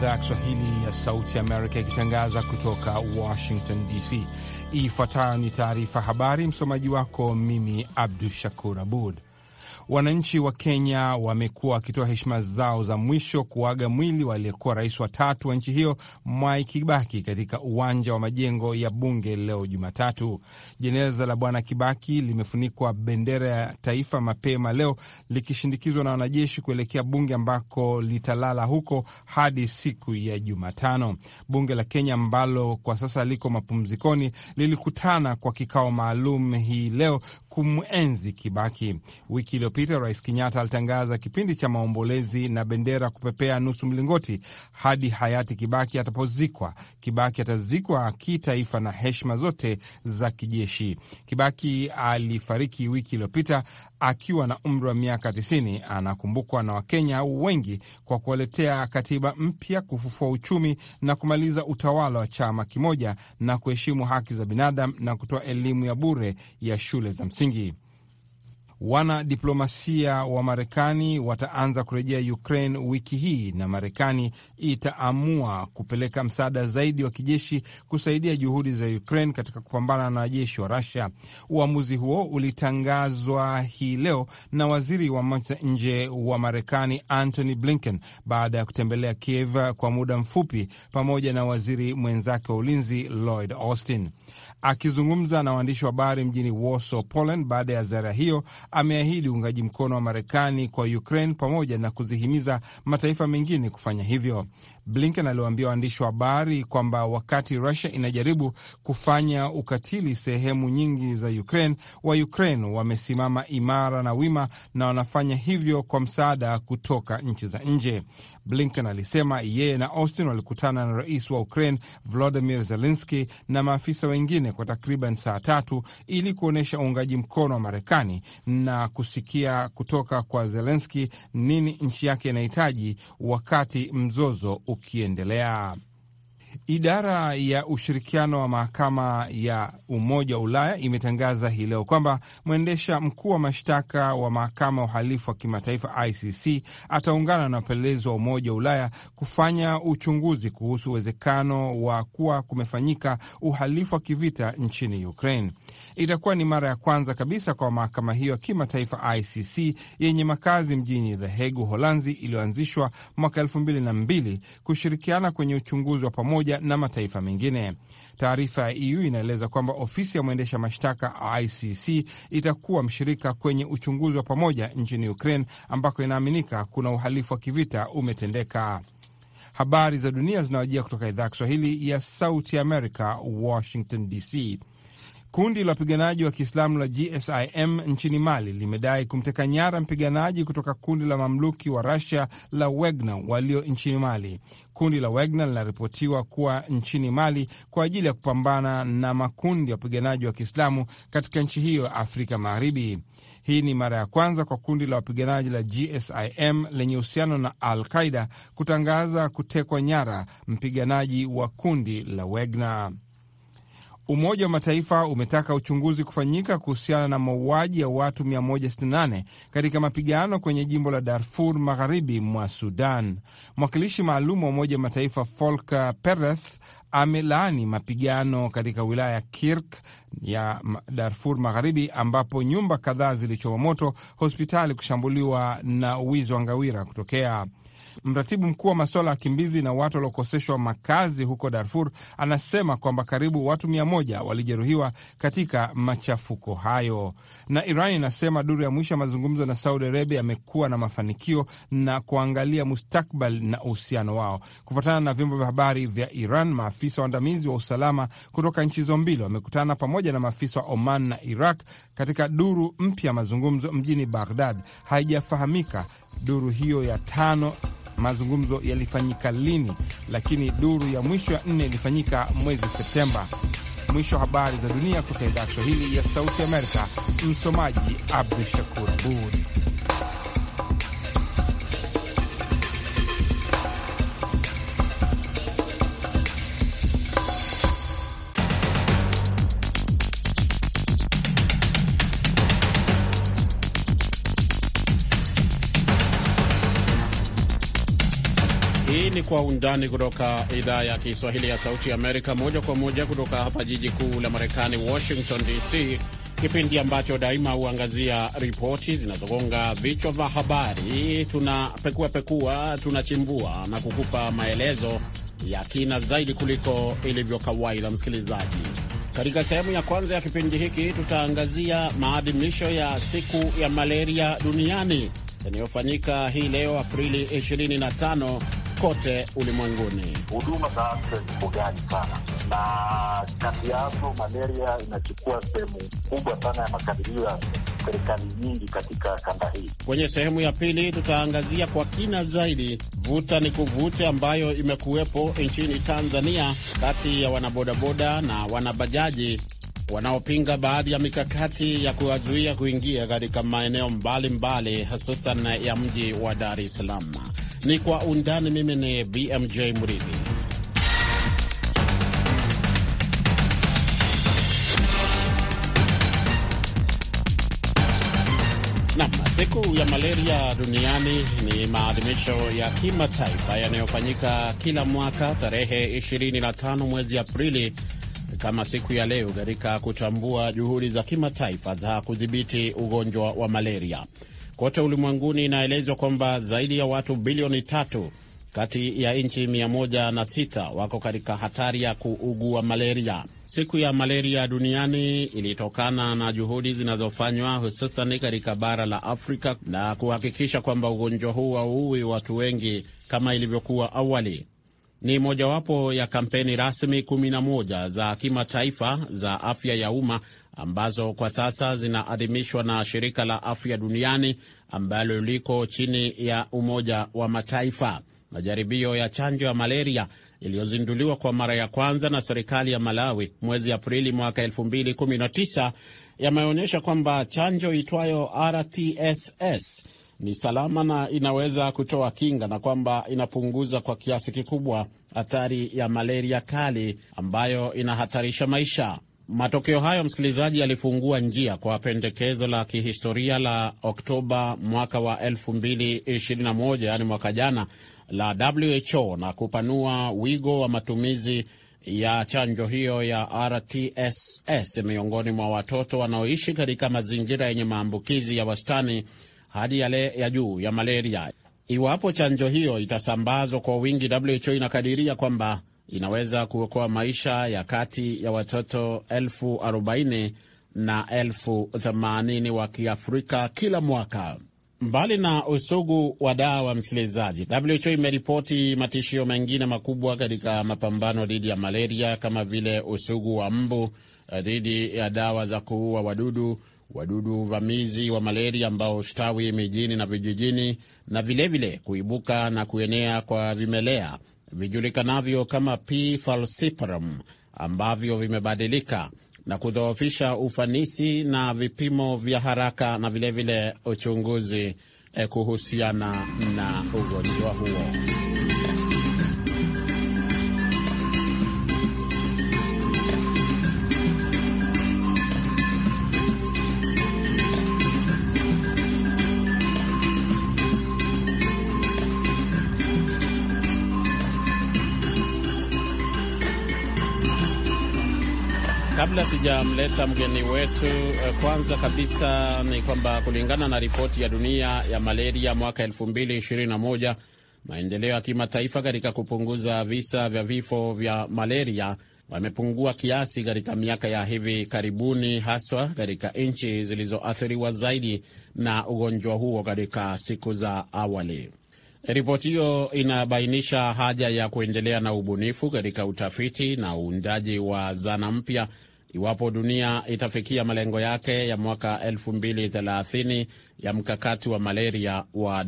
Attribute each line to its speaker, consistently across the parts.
Speaker 1: idhaa ya Kiswahili ya Sauti Amerika ikitangaza kutoka Washington DC. Ifuatayo ni taarifa habari, msomaji wako mimi Abdu Shakur Abud. Wananchi wa Kenya wamekuwa wakitoa heshima zao za mwisho kuaga mwili wa aliyekuwa rais wa tatu wa nchi hiyo Mwai Kibaki katika uwanja wa majengo ya bunge leo Jumatatu. Jeneza la Bwana Kibaki limefunikwa bendera ya taifa mapema leo likishindikizwa na wanajeshi kuelekea bunge ambako litalala huko hadi siku ya Jumatano. Bunge la Kenya ambalo kwa sasa liko mapumzikoni lilikutana kwa kikao maalum hii leo kumwenzi Kibaki. Wiki iliyopita Rais Kenyatta alitangaza kipindi cha maombolezi na bendera kupepea nusu mlingoti hadi hayati Kibaki atapozikwa. Kibaki atazikwa kitaifa na heshima zote za kijeshi. Kibaki alifariki wiki iliyopita akiwa na umri wa miaka 90. Anakumbukwa na Wakenya wengi kwa kuwaletea katiba mpya, kufufua uchumi na kumaliza utawala wa chama kimoja, na kuheshimu haki za binadamu na kutoa elimu ya bure ya shule za msingi msingi. Wanadiplomasia wa Marekani wataanza kurejea Ukraine wiki hii na Marekani itaamua kupeleka msaada zaidi wa kijeshi kusaidia juhudi za Ukraine katika kupambana na wanajeshi wa Rusia. Uamuzi huo ulitangazwa hii leo na waziri wa mambo ya nje wa Marekani Antony Blinken baada ya kutembelea Kiev kwa muda mfupi pamoja na waziri mwenzake wa ulinzi Lloyd Austin. Akizungumza na waandishi wa habari mjini Warsaw, Poland, baada ya ziara hiyo, ameahidi uungaji mkono wa Marekani kwa Ukraine pamoja na kuzihimiza mataifa mengine kufanya hivyo. Blinken aliwaambia waandishi wa habari kwamba wakati Rusia inajaribu kufanya ukatili sehemu nyingi za Ukraine, wa Ukraine wamesimama imara na wima na wanafanya hivyo kwa msaada kutoka nchi za nje. Blinken alisema yeye na Austin walikutana na rais wa Ukraine Volodymyr Zelensky na maafisa wengine kwa takriban saa tatu ili kuonyesha uungaji mkono wa Marekani na kusikia kutoka kwa Zelensky nini nchi yake inahitaji wakati mzozo ukiendelea. Idara ya ushirikiano wa mahakama ya Umoja wa Ulaya imetangaza hii leo kwamba mwendesha mkuu wa mashtaka wa mahakama ya uhalifu wa kimataifa ICC ataungana na wapelelezi wa Umoja wa Ulaya kufanya uchunguzi kuhusu uwezekano wa kuwa kumefanyika uhalifu wa kivita nchini Ukraine. Itakuwa ni mara ya kwanza kabisa kwa mahakama hiyo ya kimataifa ICC yenye makazi mjini The Hague, Holanzi, iliyoanzishwa mwaka elfu mbili na mbili kushirikiana kwenye uchunguzi wa pamoja na mataifa mengine. Taarifa ya EU inaeleza kwamba ofisi ya mwendesha mashtaka ICC itakuwa mshirika kwenye uchunguzi wa pamoja nchini Ukraine ambako inaaminika kuna uhalifu wa kivita umetendeka. Habari za dunia zinawajia kutoka idhaa ya Kiswahili ya Sauti Amerika, Washington DC. Kundi la wapiganaji wa Kiislamu la GSIM nchini Mali limedai kumteka nyara mpiganaji kutoka kundi la mamluki wa Russia la Wagner walio nchini Mali. Kundi la Wagner linaripotiwa kuwa nchini Mali kwa ajili ya kupambana na makundi ya wapiganaji wa Kiislamu katika nchi hiyo ya Afrika Magharibi. Hii ni mara ya kwanza kwa kundi la wapiganaji la GSIM lenye uhusiano na Al Qaida kutangaza kutekwa nyara mpiganaji wa kundi la Wagner. Umoja wa Mataifa umetaka uchunguzi kufanyika kuhusiana na mauaji ya watu 168 katika mapigano kwenye jimbo la Darfur magharibi mwa Sudan. Mwakilishi maalum wa Umoja wa Mataifa Volker Perthes amelaani mapigano katika wilaya ya Kirk ya Darfur magharibi ambapo nyumba kadhaa zilichoma moto, hospitali kushambuliwa na wizi wa ngawira kutokea. Mratibu mkuu wa masuala ya wakimbizi na watu waliokoseshwa makazi huko Darfur anasema kwamba karibu watu mia moja walijeruhiwa katika machafuko hayo. Na Iran inasema duru ya mwisho ya mazungumzo na Saudi Arabia yamekuwa na mafanikio na kuangalia mustakbal na uhusiano wao. Kufuatana na vyombo vya habari vya Iran, maafisa waandamizi wa usalama kutoka nchi hizo mbili wamekutana pamoja na maafisa wa Oman na Iraq katika duru mpya ya mazungumzo mjini Baghdad. Haijafahamika duru hiyo ya tano mazungumzo yalifanyika lini, lakini duru ya mwisho ya nne ilifanyika mwezi Septemba. Mwisho wa habari za dunia kutoka idhaa Kiswahili ya Sauti Amerika. Msomaji Abdu Shakur Abud.
Speaker 2: Kwa Undani kutoka idhaa ya Kiswahili ya Sauti ya Amerika, moja kwa moja kutoka hapa jiji kuu la Marekani, Washington DC, kipindi ambacho daima huangazia ripoti zinazogonga vichwa vya habari. Tunapekua pekua, tunachimbua na kukupa maelezo ya kina zaidi kuliko ilivyo kawaida. Msikilizaji, katika sehemu ya kwanza ya kipindi hiki tutaangazia maadhimisho ya siku ya malaria duniani yanayofanyika hii leo Aprili 25 kote ulimwenguni.
Speaker 3: Huduma za afya ziko gani sana, na kati yazo malaria inachukua sehemu kubwa sana ya makadirio ya serikali nyingi katika kanda hii.
Speaker 2: Kwenye sehemu ya pili, tutaangazia kwa kina zaidi vuta ni kuvute ambayo imekuwepo nchini Tanzania kati ya wanabodaboda na wanabajaji wanaopinga baadhi ya mikakati ya kuwazuia kuingia katika maeneo mbalimbali hususan ya mji wa Dar es Salaam ni Kwa Undani. Mimi ni BMJ Mridhi. Siku ya malaria duniani ni maadhimisho ya kimataifa yanayofanyika kila mwaka tarehe 25 mwezi Aprili kama siku ya leo, katika kutambua juhudi za kimataifa za kudhibiti ugonjwa wa malaria. Kote ulimwenguni inaelezwa kwamba zaidi ya watu bilioni tatu kati ya nchi 106 wako katika hatari ya kuugua malaria. Siku ya malaria duniani ilitokana na juhudi zinazofanywa hususani katika bara la Afrika na kuhakikisha kwamba ugonjwa huu hauui watu wengi kama ilivyokuwa awali. Ni mojawapo ya kampeni rasmi 11 za kimataifa za afya ya umma ambazo kwa sasa zinaadhimishwa na shirika la afya duniani ambalo liko chini ya Umoja wa Mataifa. Majaribio ya chanjo ya malaria iliyozinduliwa kwa mara ya kwanza na serikali ya Malawi mwezi Aprili mwaka 2019 yameonyesha kwamba chanjo itwayo RTSS ni salama na inaweza kutoa kinga na kwamba inapunguza kwa kiasi kikubwa hatari ya malaria kali ambayo inahatarisha maisha. Matokeo hayo, msikilizaji, yalifungua njia kwa pendekezo la kihistoria la Oktoba mwaka wa 2021, yani mwaka jana, la WHO na kupanua wigo wa matumizi ya chanjo hiyo ya RTSS miongoni mwa watoto wanaoishi katika mazingira yenye maambukizi ya wastani hadi yale ya juu ya malaria. Iwapo chanjo hiyo itasambazwa kwa wingi, WHO inakadiria kwamba inaweza kuokoa maisha ya kati ya watoto elfu arobaini na elfu themanini wa Kiafrika kila mwaka. Mbali na usugu wa dawa, msikilizaji, WHO imeripoti matishio mengine makubwa katika mapambano dhidi ya malaria kama vile usugu wa mbu eh, dhidi ya dawa za kuua wadudu, wadudu uvamizi wa malaria ambao hustawi mijini na vijijini, na vilevile vile kuibuka na kuenea kwa vimelea vijulikanavyo kama P. falciparum ambavyo vimebadilika na kudhoofisha ufanisi na vipimo vya haraka na vilevile vile uchunguzi eh, kuhusiana na ugonjwa huo. Kabla sijamleta mgeni wetu, eh, kwanza kabisa ni kwamba kulingana na ripoti ya dunia ya malaria mwaka 2021 maendeleo ya kimataifa katika kupunguza visa vya vifo vya malaria wamepungua kiasi katika miaka ya hivi karibuni, haswa katika nchi zilizoathiriwa zaidi na ugonjwa huo katika siku za awali. Ripoti hiyo inabainisha haja ya kuendelea na ubunifu katika utafiti na uundaji wa zana mpya iwapo dunia itafikia malengo yake ya mwaka 2030 ya mkakati wa malaria wa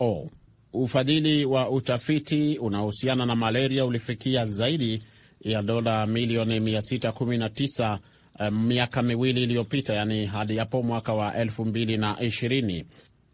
Speaker 2: WHO. Ufadhili wa utafiti unaohusiana na malaria ulifikia zaidi ya dola milioni 619 eh, miaka miwili iliyopita, yani hadi hapo mwaka wa 220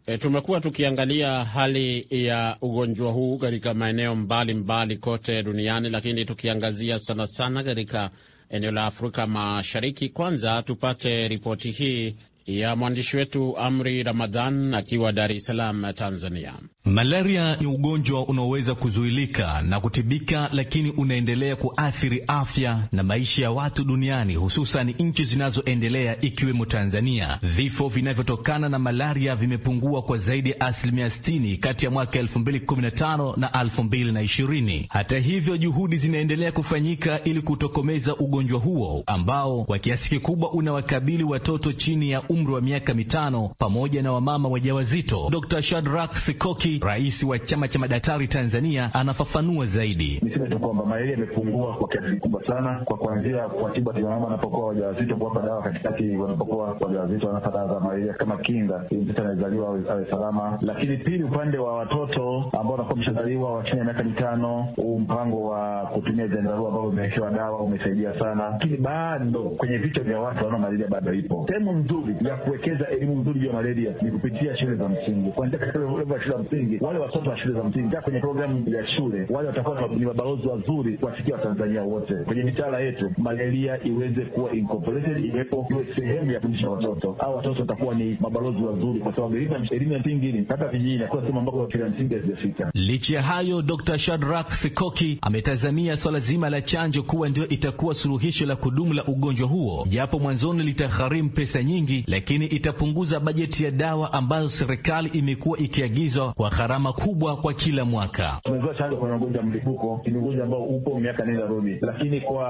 Speaker 2: E, eh, tumekuwa tukiangalia hali ya ugonjwa huu katika maeneo mbalimbali mbali kote duniani, lakini tukiangazia sana sana katika eneo la Afrika Mashariki. Kwanza tupate ripoti hii ya mwandishi wetu Amri Ramadhan akiwa Dar es Salaam, Tanzania.
Speaker 4: Malaria ni ugonjwa unaoweza kuzuilika na kutibika, lakini unaendelea kuathiri afya na maisha ya watu duniani, hususan nchi zinazoendelea ikiwemo Tanzania. Vifo vinavyotokana na malaria vimepungua kwa zaidi ya asilimia 60 kati ya mwaka 2015 na 2020. Hata hivyo, juhudi zinaendelea kufanyika ili kutokomeza ugonjwa huo ambao kwa kiasi kikubwa unawakabili watoto chini ya umri wa miaka mitano pamoja na wamama wajawazito. Dr. Shadrack Sikoki, rais wa chama cha madaktari Tanzania, anafafanua
Speaker 5: zaidi. Niseme tu kwamba malaria imepungua kwa kiasi kikubwa sana, kwa kuanzia kuwatibu akina mama wanapokuwa wajawazito, kuwapa dawa katikati wanapokuwa wajawazito, wanapa dawa za malaria kama kinga, ili mtoto anayezaliwa awe salama. Lakini pili, upande wa watoto ambao wanakuwa wameshazaliwa chini ya miaka mitano, huu mpango wa kutumia vyandarua ambavyo vimewekewa dawa umesaidia sana, lakini bado kwenye vichwa vya watu wanaona malaria bado ipo. Sehemu nzuri ya kuwekeza elimu nzuri ya malaria ni kupitia shule za msingi, kuanzia katika shule ya shule za msingi. Wale watoto wa shule za msingi taa kwenye programu ya shule, wale watakuwa ni mabalozi wazuri kuwafikia Watanzania wote kwenye mitaala yetu, malaria iweze kuwa incorporated, iwepo iwe sehemu ya kufundisha watoto au watoto watakuwa ni mabalozi wazuri, kwa sababu elimu ya msingi hata vijijini inakuwa sehemu ambako shule ya msingi hazijafika.
Speaker 4: Licha ya hayo, Dr. Shadrack Sikoki ametazamia swala zima la chanjo kuwa ndio itakuwa suluhisho la kudumu la ugonjwa huo, japo mwanzoni litagharimu pesa nyingi lakini itapunguza bajeti ya dawa ambazo serikali imekuwa ikiagizwa kwa gharama kubwa kwa kila mwaka.
Speaker 5: Tumezua chanjo kwenye magonjwa ya mlipuko, ni ugonjwa ambao upo miaka nenda rudi, lakini kwa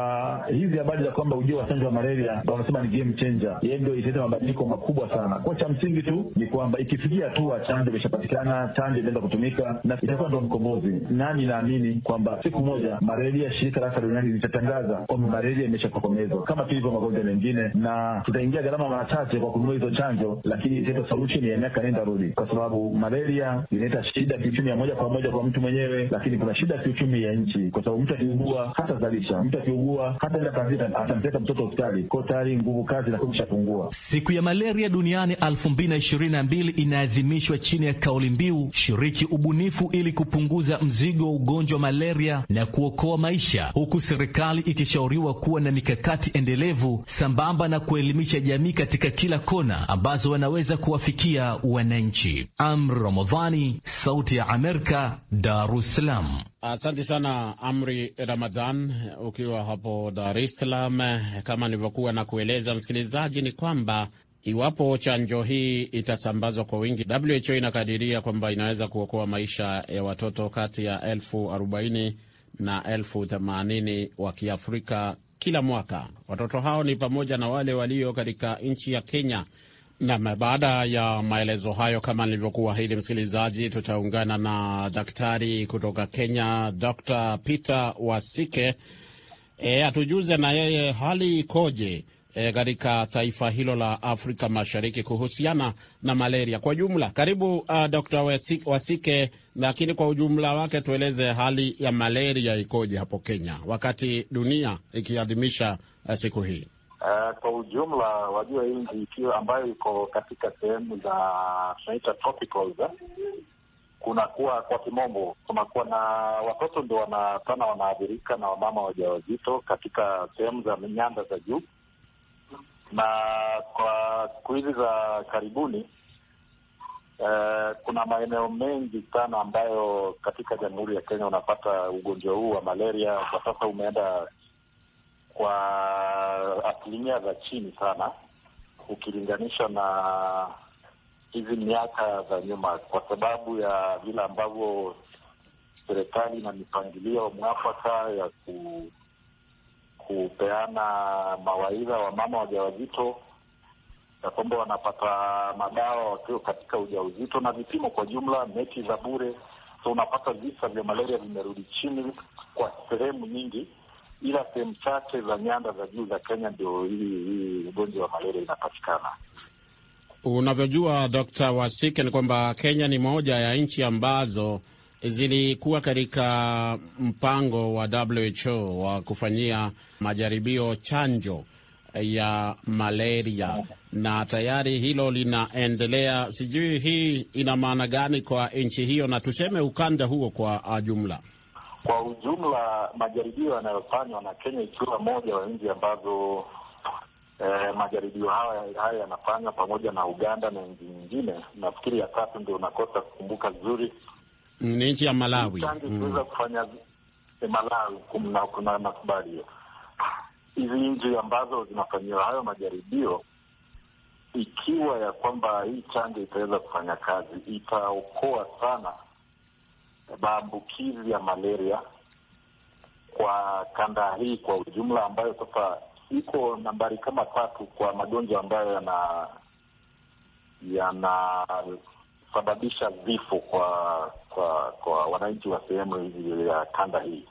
Speaker 5: hizi habari za kwamba ujio wa chanjo ya malaria wanasema ni game changer, yeye ndio italeta mabadiliko makubwa sana. Kwa cha msingi tu ni kwamba ikifikia hatua chanjo imeshapatikana, chanjo inaweza kutumika na itakuwa ndo mkombozi. Nani naamini kwamba siku moja malaria, shirika la afya duniani litatangaza kwamba malaria imeshatokomezwa kama tulivyo magonjwa mengine, na tutaingia gharama machache kwa kununua hizo chanjo, lakini zile solution ya miaka nenda rudi, kwa sababu malaria inaleta shida kiuchumi ya moja kwa moja kwa mtu mwenyewe, lakini kuna shida kiuchumi ya nchi, kwa sababu mtu akiugua zalisha, mtu akiugua hataenda kazini, atampeleka mtoto hospitali, kwa tayari nguvu kazi na kumshapungua.
Speaker 4: Siku ya malaria duniani 2022 inaadhimishwa chini ya kauli mbiu shiriki ubunifu ili kupunguza mzigo wa ugonjwa malaria na kuokoa maisha, huku serikali ikishauriwa kuwa na mikakati endelevu sambamba na kuelimisha jamii katika kila kona ambazo wanaweza kuwafikia wananchi. Amri Ramadhani, Sauti ya Amerika, Dar es Salaam.
Speaker 2: Asante sana Amri Ramadhan, ukiwa hapo Dar es Salaam. Kama nilivyokuwa na kueleza msikilizaji, ni kwamba iwapo chanjo hii itasambazwa kwa wingi, WHO inakadiria kwamba inaweza kuokoa maisha ya watoto kati ya elfu arobaini na elfu themanini wa Kiafrika kila mwaka. Watoto hao ni pamoja na wale walio katika nchi ya Kenya. Nam, baada ya maelezo hayo, kama nilivyokuahidi, msikilizaji, tutaungana na daktari kutoka Kenya, Dr Peter Wasike, e, atujuze na yeye hali ikoje E, katika e, taifa hilo la Afrika Mashariki kuhusiana na malaria kwa jumla. Karibu uh, Dr. Wasike, lakini kwa ujumla wake tueleze hali ya malaria ikoje hapo Kenya wakati dunia ikiadhimisha uh, siku hii.
Speaker 3: Uh, kwa ujumla wajua, hii nchi ikiwa ambayo iko katika sehemu za tunaita tropicals eh, Kunakuwa kwa kimombo, kunakuwa na watoto ndio wana sana wanaathirika na wamama wajawazito katika sehemu za nyanda za juu na kwa siku hizi za karibuni eh, kuna maeneo mengi sana ambayo katika Jamhuri ya Kenya unapata ugonjwa huu wa malaria kwa sasa umeenda kwa asilimia za chini sana ukilinganisha na hizi miaka za nyuma, kwa sababu ya vile ambavyo serikali na mipangilio mwafaka ya ku kupeana mawaidha wa mama wajawazito ya kwamba wanapata madawa wakiwa katika ujauzito na vipimo kwa jumla, neti za bure. So unapata visa vya malaria vimerudi chini kwa sehemu nyingi, ila sehemu chache za nyanda za juu za Kenya ndio hii ugonjwa wa malaria inapatikana.
Speaker 2: Unavyojua Dkt. Wasike, ni kwamba Kenya ni moja ya nchi ambazo zilikuwa katika mpango wa WHO wa kufanyia majaribio chanjo ya malaria na tayari hilo linaendelea. Sijui hii ina maana gani kwa nchi hiyo na tuseme ukanda huo kwa jumla.
Speaker 1: Kwa
Speaker 3: ujumla, majaribio yanayofanywa na Kenya ikiwa moja wa nchi ambazo eh, majaribio haya yanafanywa pamoja na Uganda na nchi nyingine. Nafikiri ya tatu ndio unakosa kukumbuka vizuri
Speaker 2: ni nchi ya Malawi. Tangu mm.
Speaker 3: kufanya Malawi, kuna makubaliano hizi nchi ambazo zinafanyiwa hayo majaribio, ikiwa ya kwamba hii chanjo itaweza kufanya kazi, itaokoa sana maambukizi ya malaria kwa kanda hii kwa ujumla, ambayo sasa iko nambari kama tatu kwa magonjwa ambayo yana yanasababisha vifo kwa kwa kwa wananchi wa sehemu hizi ya kanda hii.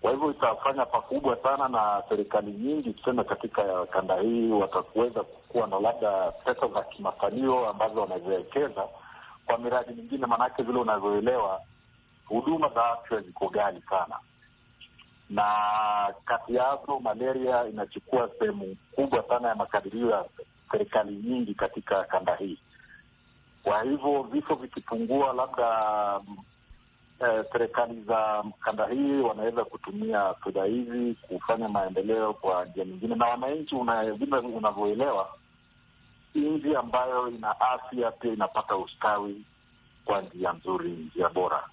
Speaker 3: Kwa hivyo itafanya pakubwa sana, na serikali nyingi tuseme katika kanda hii watakuweza kuwa na labda pesa za kimafanio ambazo wanaziwekeza kwa miradi mingine, maanake vile unavyoelewa huduma za afya ziko ghali sana, na kati yazo malaria inachukua sehemu kubwa sana ya makadirio ya serikali nyingi katika kanda hii. Kwa hivyo vifo vikipungua, labda eh, serikali eh, za kanda hii wanaweza kutumia fedha hizi kufanya maendeleo kwa njia nyingine, na wananchi, vile unavyoelewa, nchi ambayo ina afya pia inapata ustawi kwa njia nzuri, njia bora.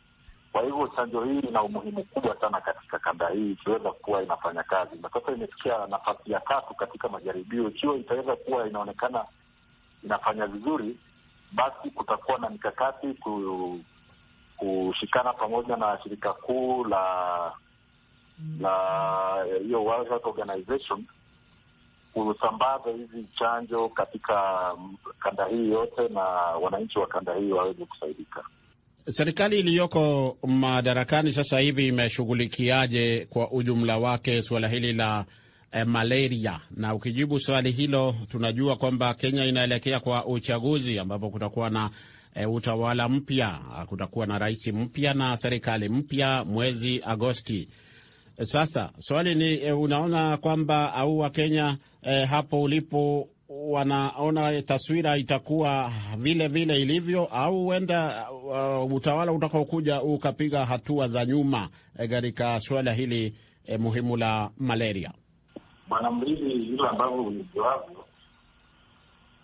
Speaker 3: Kwa hivyo chanjo hii ina umuhimu kubwa sana katika kanda hii, ikiweza kuwa inafanya kazi, na sasa imefikia nafasi ya tatu katika majaribio. Ikiwa itaweza kuwa inaonekana inafanya vizuri, basi kutakuwa na mikakati kushikana pamoja na shirika kuu la la hiyo World Health Organization kusambaza hizi chanjo katika kanda hii yote na wananchi wa kanda hii
Speaker 2: waweze kusaidika. Serikali iliyoko madarakani sasa hivi imeshughulikiaje kwa ujumla wake suala hili la eh, malaria. Na ukijibu swali hilo, tunajua kwamba Kenya inaelekea kwa uchaguzi ambapo kutakuwa na E, utawala mpya, kutakuwa na rais mpya na serikali mpya mwezi Agosti. E, sasa swali ni e, unaona kwamba au Wakenya e, eh, hapo ulipo wanaona taswira itakuwa vile vile ilivyo au huenda uh, utawala utakaokuja ukapiga hatua za nyuma katika e, suala hili e, muhimu la malaria?
Speaker 3: bwana Mrili, vile ambavyo ulijuavyo,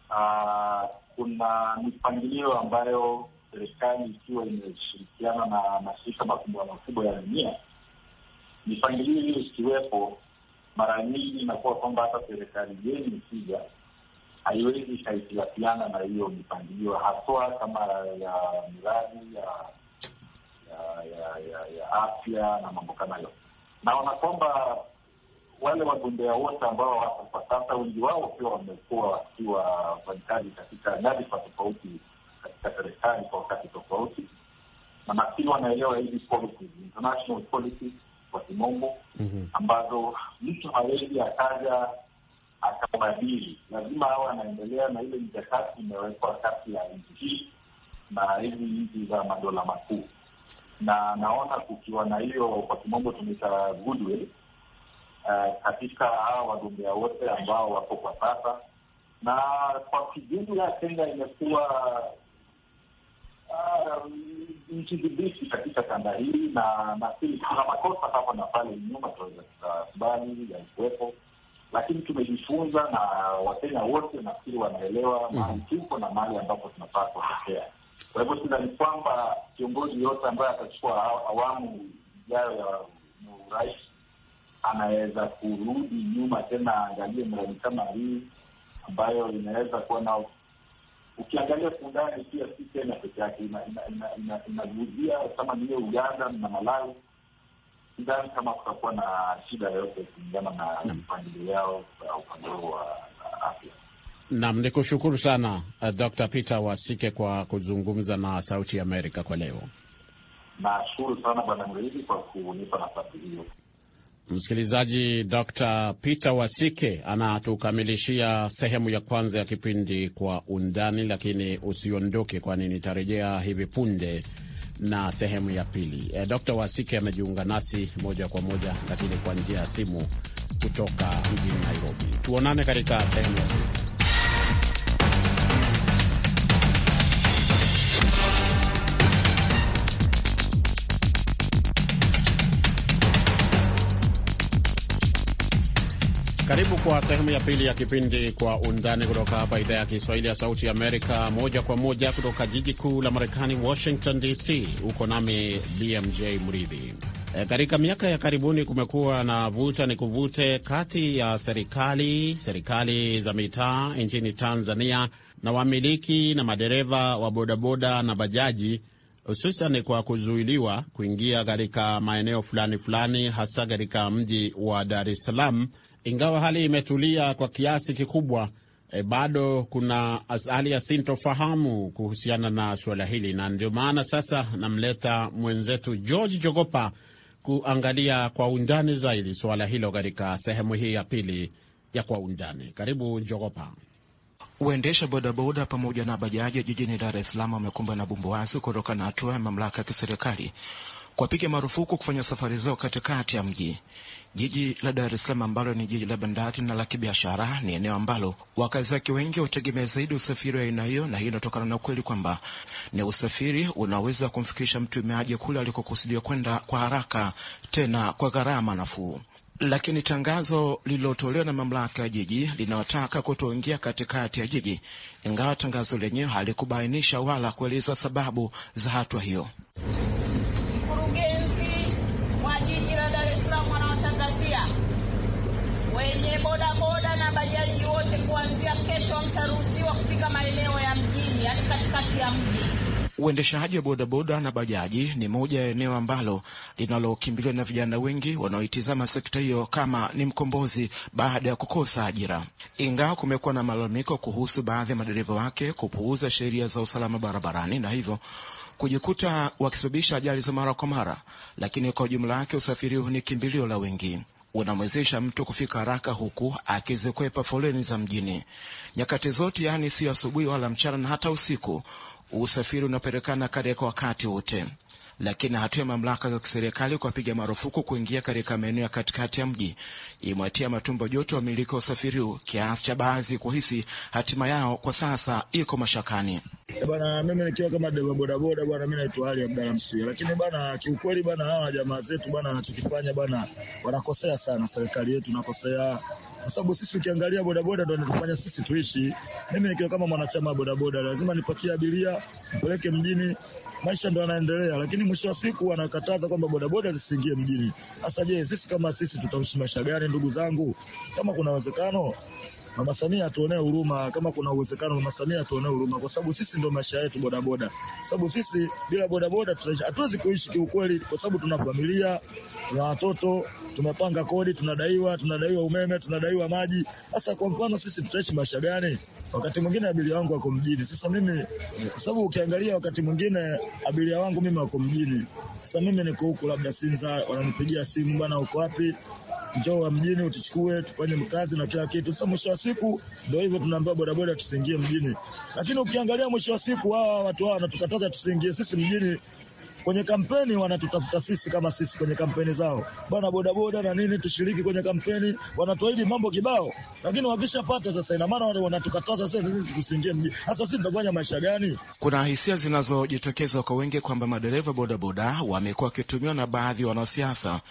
Speaker 3: ah, kuna mipangilio ambayo serikali ikiwa imeshirikiana na mashirika makubwa makubwa ya dunia, mipangilio hiyo ikiwepo, mara nyingi inakuwa kwamba hata serikali yenu ikija haiwezi ikahitilafiana na hiyo mipangilio, haswa kama ya miradi ya ya ya, ya, ya afya na mambo kama hayo. Naona kwamba wale wagombea wote ambao wako kwa sasa, wengi wao pia wamekuwa wakiwa wafanyikazi katika nyadhifa tofauti katika serikali kwa wakati tofauti, na nafikiri wanaelewa hizi policies, international policies kwa kimombo, mhm. ambazo mtu hawezi akaja akabadili, lazima hawa anaendelea na ile mikakati imewekwa kati ya nchi hii na hizi nchi za madola makuu, na naona kukiwa na hiyo, kwa kimombo tunaita goodwill uh, katika hawa wagombea wote ambao wako kwa sasa, na kwa kijumla Kenya imekuwa uh, nchi dhibiti katika kanda hii, na nafikiri kuna makosa hapa na pale nyuma tunaweza tukakubali yalikuwepo, lakini tumejifunza na Wakenya wote nafikiri wanaelewa mhm. mahali tuko na mahali ambapo tunafaa kuelekea. Kwa hivyo sidhani kwamba kiongozi yote ambaye atachukua awamu ijayo ya urais anaweza kurudi nyuma tena aangalie mradi kama hii ambayo inaweza kuwa na ukiangalia kuundani pia si Kenya peke yake, inaguzia kama niyo Uganda na Malawi. Sidhani kama kutakuwa na shida yoyote kulingana na mpangilio yao upande huo wa afya.
Speaker 2: nam ni kushukuru sana uh, Dr. Peter Wasike kwa kuzungumza na Sauti ya Amerika kwa leo.
Speaker 3: Nashukuru sana Bwana Mridi kwa kunipa nafasi hiyo.
Speaker 2: Msikilizaji, Dr Peter Wasike anatukamilishia sehemu ya kwanza ya kipindi Kwa Undani, lakini usiondoke, kwani nitarejea hivi punde na sehemu ya pili. E, eh, Dr Wasike amejiunga nasi moja kwa moja, lakini kwa njia ya simu kutoka mjini Nairobi. Tuonane katika
Speaker 6: sehemu ya pili.
Speaker 2: Karibu kwa sehemu ya pili ya kipindi Kwa Undani kutoka hapa idhaa ya Kiswahili ya Sauti ya Amerika, moja kwa moja kutoka jiji kuu la Marekani, Washington DC. Uko nami BMJ Mridhi. E, katika miaka ya karibuni kumekuwa na vuta ni kuvute kati ya serikali serikali za mitaa nchini Tanzania na wamiliki na madereva wa bodaboda na bajaji hususan kwa kuzuiliwa kuingia katika maeneo fulani fulani hasa katika mji wa Dar es Salaam ingawa hali imetulia kwa kiasi kikubwa, e, bado kuna hali ya sintofahamu kuhusiana na suala hili, na ndio maana sasa namleta mwenzetu George Jogopa kuangalia kwa undani zaidi suala hilo katika sehemu hii ya pili ya Kwa Undani. Karibu Jogopa. Waendesha bodaboda pamoja na bajaji jijini Dar es Salaam wamekumbwa na
Speaker 7: bumbuazi kutokana na hatua ya mamlaka ya kiserikali kwapiga marufuku kufanya safari zao katikati ya mji. Jiji la Dar es Salaam ambalo ni jiji la bandari na la kibiashara ni eneo ambalo wakazi wake wengi hutegemea zaidi usafiri wa aina hiyo, na hii inatokana na ukweli kwamba ni usafiri unaweza kumfikisha mtumiaji kule alikokusudia kwenda kwa haraka, tena kwa gharama nafuu. Lakini tangazo lililotolewa na mamlaka ya jiji linawataka kutoingia katikati ya jiji, ingawa tangazo lenyewe halikubainisha wala kueleza sababu za hatua hiyo.
Speaker 8: katikati ya mji.
Speaker 7: Uendeshaji wa bodaboda na bajaji ni moja ya eneo ambalo linalokimbiliwa na vijana wengi wanaoitizama sekta hiyo kama ni mkombozi baada ya kukosa ajira. Ingawa kumekuwa na malalamiko kuhusu baadhi ya madereva wake kupuuza sheria za usalama barabarani na hivyo kujikuta wakisababisha ajali za mara kwa mara, lakini kwa ujumla wake usafiri huu ni kimbilio la wengi unamwezesha mtu kufika haraka huku akizikwepa foleni za mjini nyakati zote, yaani siyo asubuhi wala mchana na hata usiku. Usafiri unapelekana Kariakoo wakati wote lakini hatua ya mamlaka za kiserikali kuwapiga marufuku kuingia katika maeneo ya katikati ya mji imewatia matumbo joto wamiliki wa usafiri huu kiasi cha baadhi kuhisi hatima yao kwa sasa iko mashakani.
Speaker 9: Eh, bwana, mimi nikiwa kama dereva bodaboda bwana, mi naitwa Ali Abdala Msuya, lakini bwana, kiukweli bwana, hawa jamaa zetu bwana, wanachokifanya bwana, wanakosea sana. Serikali yetu nakosea kwa sababu sisi ukiangalia bodaboda ndo anatufanya sisi tuishi. Mimi nikiwa kama mwanachama wa bodaboda lazima nipatie abiria, nipeleke mjini, maisha ndo yanaendelea, lakini mwisho wa siku wanakataza kwamba bodaboda zisiingie mjini. Sasa je, sisi kama sisi tutaishi maisha gani, ndugu zangu? Kama kuna uwezekano Mama Samia atuonee huruma, kama kuna uwezekano Mama Samia atuonee huruma, kwa sababu sisi ndio maisha yetu bodaboda, sababu sisi bila bodaboda hatuwezi kuishi kiukweli, kwa sababu tuna familia, tuna watoto, tumepanga kodi, tunadaiwa, tunadaiwa umeme, tunadaiwa maji. Sasa kwa mfano sisi tutaishi maisha gani? Wakati mwingine abiria wangu wako mjini. Sasa mimi kwa sababu ukiangalia, wakati mwingine abiria wangu mimi wako mjini. Sasa mimi niko huku, labda Sinza, wananipigia simu, bwana, uko wapi? Njoo mjini utuchukue tufanye mkazi na kila kitu. Sasa mwisho wa siku ndio hivyo, tunaambia bodaboda tusiingie mjini, lakini ukiangalia mwisho wa siku hawa watu hawa wanatukataza tusiingie sisi mjini Kwenye kampeni wanatutafuta sisi kama sisi kwenye kampeni zao, bwana bodaboda na nini, tushiriki kwenye kampeni. Wanatuahidi mambo kibao, lakini wakishapata sasa, ina maana wale wanatukataza sisi tusiingie mji. Sasa sisi tutafanya maisha gani?
Speaker 7: Kuna hisia zinazojitokeza kwa wengi kwamba madereva bodaboda wamekuwa wakitumiwa na baadhi ya wanasiasa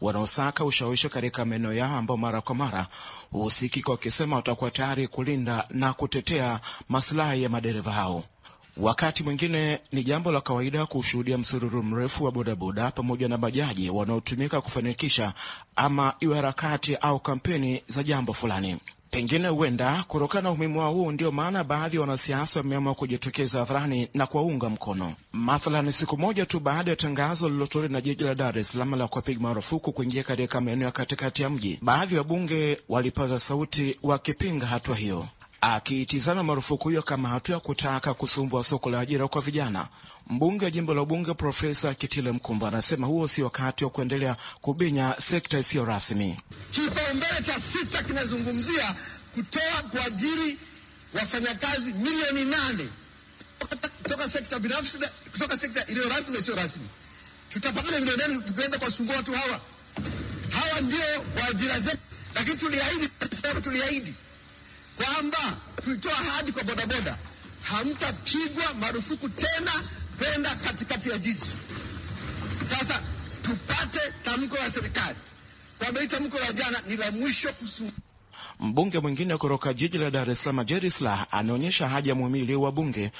Speaker 7: wanaosaka ushawishi katika maeneo yao ambao mara kwa mara husikika wakisema watakuwa tayari kulinda na kutetea masilahi ya madereva hao. Wakati mwingine ni jambo la kawaida kushuhudia msururu mrefu wa bodaboda pamoja na bajaji wanaotumika kufanikisha ama iwe harakati au kampeni za jambo fulani. Pengine huenda kutokana na umuhimu wao huu, ndio maana baadhi ya wanasiasa wameamua kujitokeza hadharani na kuwaunga mkono. Mathalani, siku moja tu baada ya tangazo lililotolewa na jiji la Dar es Salaam la kuwapiga marufuku kuingia katika maeneo ya katikati ya mji, baadhi ya wabunge walipaza sauti wakipinga hatua hiyo. Akiitizama marufuku hiyo kama hatua ya kutaka kusumbua soko la ajira kwa vijana, mbunge wa jimbo la Ubunge Profesa Kitile mkumba anasema huo si wakati wa kuendelea kubinya sekta isiyo rasmi. Kipaumbele cha sita kinazungumzia kutoa kuajiri wafanyakazi milioni nane kutoka sekta binafsi,
Speaker 6: kutoka sekta iliyo rasmi isiyo rasmi. Tutapata milioni nane tukienda kuwasumbua watu hawa. Hawa ndio waajira zetu, lakini tuliahidi, tuliahidi
Speaker 7: kwamba tulitoa ahadi kwa bodaboda, hamtapigwa marufuku tena kwenda katikati ya jiji. Sasa tupate tamko la serikali kwamba hii tamko la jana ni la mwisho kusu Mbunge mwingine kutoka jiji la Dar es Salaam, Jerisla, anaonyesha haja ya muhimili wa bunge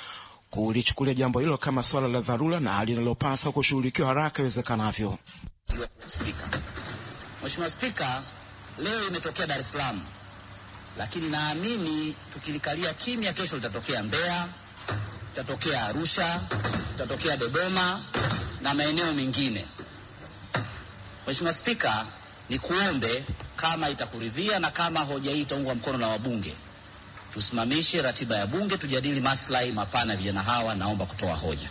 Speaker 7: kulichukulia jambo hilo kama swala la dharura na linalopaswa kushughulikiwa haraka iwezekanavyo.
Speaker 6: Mheshimiwa Spika, leo imetokea Dar es Salaam lakini naamini tukilikalia kimya, kesho litatokea Mbeya, litatokea Arusha, litatokea Dodoma na maeneo mengine. Mheshimiwa Spika, nikuombe kama itakuridhia na kama hoja hii itaungwa mkono na wabunge, tusimamishe ratiba ya Bunge, tujadili maslahi mapana ya vijana hawa. Naomba kutoa hoja.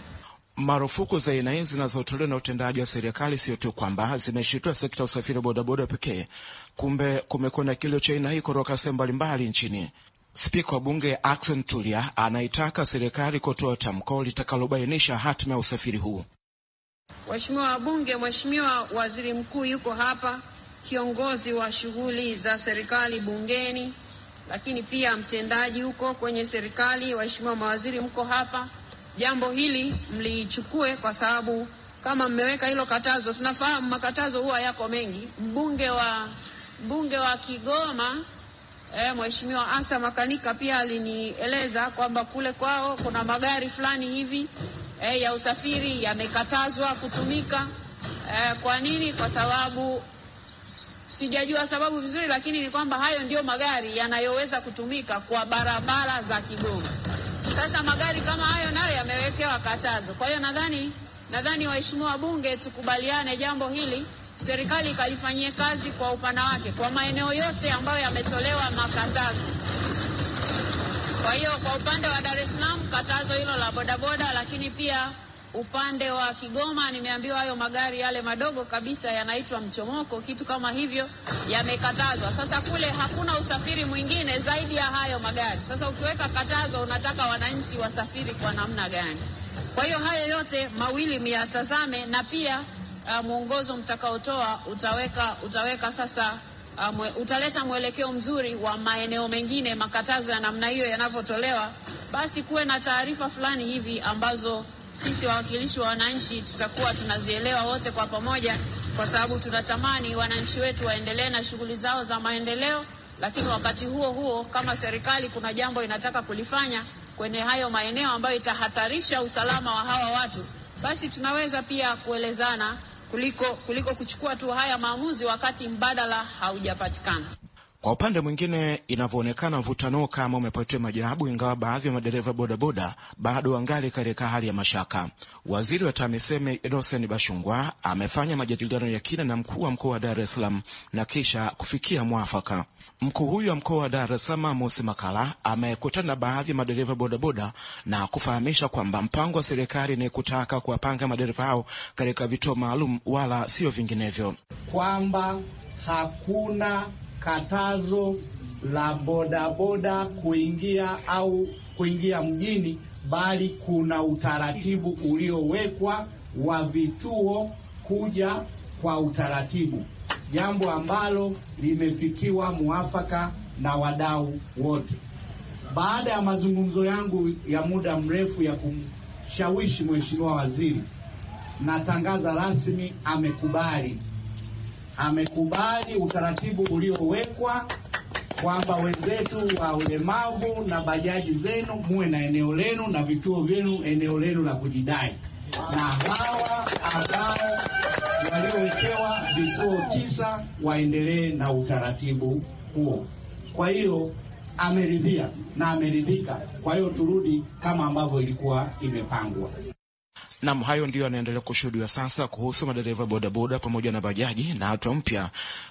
Speaker 7: Marufuku za aina hii zinazotolewa na utendaji wa serikali sio tu kwamba zimeshitua sekta ya usafiri wa bodaboda pekee, kumbe kumekuwa na kilio cha aina hii kutoka sehemu mbalimbali nchini. Spika wa Bunge Ackson Tulia anaitaka serikali kutoa tamko litakalobainisha hatima ya usafiri huu.
Speaker 8: Waheshimiwa wabunge, Mheshimiwa Waziri Mkuu yuko hapa, kiongozi wa shughuli za serikali bungeni, lakini pia mtendaji huko kwenye serikali. Waheshimiwa mawaziri mko hapa jambo hili mlichukue, kwa sababu kama mmeweka hilo katazo, tunafahamu makatazo huwa yako mengi. Mbunge wa mbunge wa Kigoma eh, Mheshimiwa Asa Makanika pia alinieleza kwamba kule kwao kuna magari fulani hivi eh, ya usafiri yamekatazwa kutumika. Eh, kwa nini? Kwa sababu sijajua sababu vizuri, lakini ni kwamba hayo ndiyo magari yanayoweza kutumika kwa barabara za Kigoma. Sasa magari kama hayo nayo yamewekewa katazo. Kwa hiyo nadhani nadhani waheshimiwa wabunge, tukubaliane jambo hili, serikali ikalifanyie kazi kwa upana wake, kwa maeneo yote ambayo yametolewa makatazo. Kwa hiyo kwa upande wa Dar es Salaam, katazo hilo la bodaboda, lakini pia Upande wa Kigoma nimeambiwa hayo magari yale madogo kabisa yanaitwa mchomoko, kitu kama hivyo, yamekatazwa. Sasa kule hakuna usafiri mwingine zaidi ya hayo magari. Sasa ukiweka katazo, unataka wananchi wasafiri kwa namna gani? Kwa hiyo hayo yote mawili myatazame, na pia uh, mwongozo mtakaotoa utaweka, utaweka sasa uh, mwe, utaleta mwelekeo mzuri wa maeneo mengine makatazo ya namna hiyo yanavyotolewa, basi kuwe na taarifa fulani hivi ambazo sisi wawakilishi wa wananchi tutakuwa tunazielewa wote kwa pamoja, kwa sababu tunatamani wananchi wetu waendelee na shughuli zao za maendeleo, lakini wakati huo huo, kama serikali kuna jambo inataka kulifanya kwenye hayo maeneo ambayo itahatarisha usalama wa hawa watu, basi tunaweza pia kuelezana kuliko, kuliko kuchukua tu haya maamuzi wakati mbadala haujapatikana.
Speaker 7: Kwa upande mwingine, inavyoonekana mvutano kama umepatiwa majawabu, ingawa baadhi ya madereva bodaboda bado wangali katika hali ya mashaka. Waziri wa TAMISEMI Dosen Bashungwa amefanya majadiliano ya kina na mkuu wa mkoa wa Dar es Salaam na kisha kufikia mwafaka. Mkuu huyu wa mkoa wa Dar es Salaam Amos Makala amekutana na baadhi ya madereva bodaboda na kufahamisha kwamba mpango wa serikali ni kutaka kuwapanga madereva hao katika vituo maalum, wala sio vinginevyo,
Speaker 6: kwamba hakuna katazo la bodaboda kuingia au kuingia mjini, bali kuna utaratibu uliowekwa wa vituo kuja kwa utaratibu, jambo ambalo limefikiwa muafaka na wadau wote. Baada ya mazungumzo yangu ya muda mrefu ya kumshawishi Mheshimiwa Waziri, natangaza rasmi amekubali amekubali utaratibu uliowekwa kwamba wenzetu wa ulemavu na bajaji zenu muwe na eneo lenu na vituo vyenu eneo lenu la kujidai, na hawa ambao waliowekewa vituo tisa waendelee na utaratibu huo. Kwa hiyo ameridhia na ameridhika. Kwa hiyo turudi kama ambavyo ilikuwa imepangwa.
Speaker 7: Nam, hayo ndiyo yanaendelea kushuhudiwa sasa kuhusu madereva bodaboda pamoja na bajaji na hatua mpya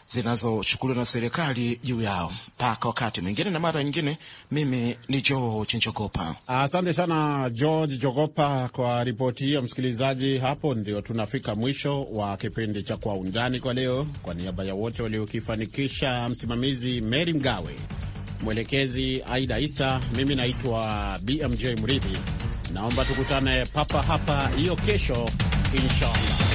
Speaker 7: zinazochukuliwa na serikali juu yao. Mpaka wakati mwingine na mara nyingine, mimi ni George Njogopa.
Speaker 2: Asante sana George Jogopa kwa ripoti hiyo. Msikilizaji, hapo ndio tunafika mwisho wa kipindi cha Kwa Undani kwa leo. Kwa niaba ya wote waliokifanikisha, msimamizi Meri Mgawe, mwelekezi Aida Isa, mimi naitwa BMJ Mridhi. Naomba tukutane papa hapa hiyo kesho, inshallah.